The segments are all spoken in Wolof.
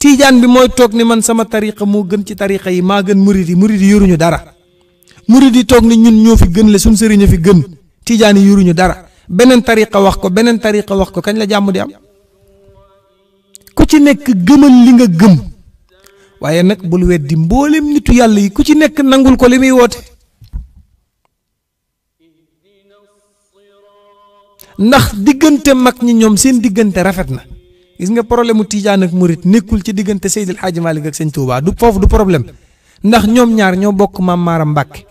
tiijaan bi mooy toog ni man sama tariqa moo gën ci tariqa yi maa gën murid yi murid yoruñu dara murid yi toog ni ñun ñoo fi gën le suñ a fi gën tiijaan yi yoruñu dara beneen tariqa wax ko beneen tariqa wax ko kañ la jàmm di am ku ci nekk gëmal li nga gëm waaye nag bul weddi mbooleem nitu yàlla yi ku ci nekk nangul ko li muy woote ndax diggante mag ñi ñoom seen diggante rafet na gis nga problème mu Tijaan ak Murit nekkul ci diggante Seydil Hadji Malick ak sëñ Touba du foofu du ndax ñoom ñaar ñoo bokk maam Maaram Mbàkke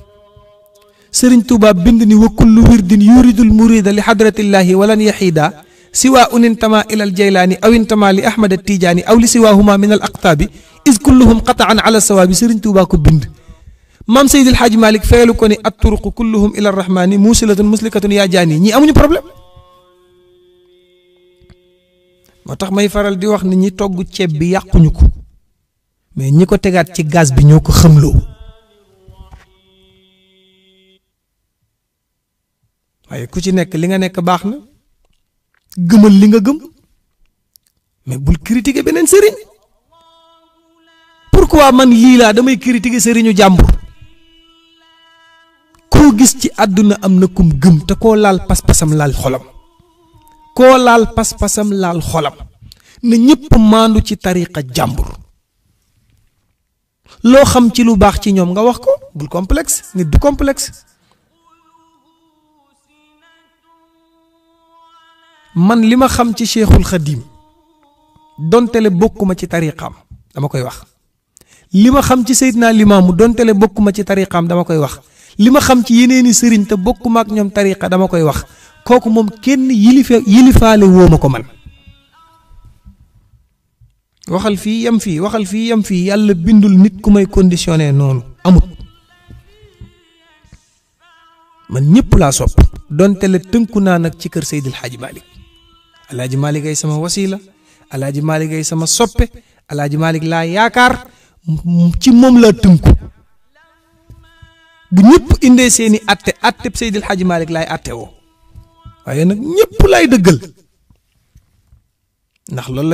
sëriñ Touba bind ni wa kullu wirdin yuridul murida li xadratillaahi walan yaxiida siwa un intama ila al jaylaani aw intama li ahmad al tijaani aw li siwahuma min al aqtaabi is kulluhum qataan ala sawaabi sëriñ Touba ko bind maam Seydil Hadji Malick feelu ko ni at turuq kulluhum ila arrahmaani muusilatun moo tax may faral di wax ni ñi togg ceeb bi yàquñu ko mais ñi ko tegaat ci gaz bi ñoo ko xëmloo waaye ku ci nekk li nga nekk baax na gëmal li nga gëm mais bul critiquer beneen sëriñ pourquoi man lii laa damay critiquer sëriñu jàmbur koo gis ci àdduna am na kum gëm te koo laal pas-pasam laal xolam koo laal pas-pasam laal xolam na ñépp maandu ci tariqa jàmbur loo xam ci lu baax ci ñoom nga wax ko bul complexe nit du complexe man li ma xam ci cheikhul xadim dontele bokkuma ci tariqaam dama koy wax li ma xam ci Seydina Limaamu dontele bokkuma ci tariqaam dama koy wax li ma xam ci yeneeni sëriñ te bokkuma ak ñoom tariqa dama koy wax kooku moom kenn yilife yilifaale woo ma ko man waxal fii yam fii waxal fii yam fii yàlla bindul nit ku may conditionné noonu amut man ñëpp laa sopp donte la tënku naa nag ci kër Seydil Hadji Malick alaaji Malick ay sama wasila alaaji Malick ay sama soppe alaaji Malick laa yaakaar ci moom laa tënku bu ñëpp indee seeni atte atte Seydil Hadji Malick laay atte woo waaye nag ñëpp laay dëggal ndax loolu la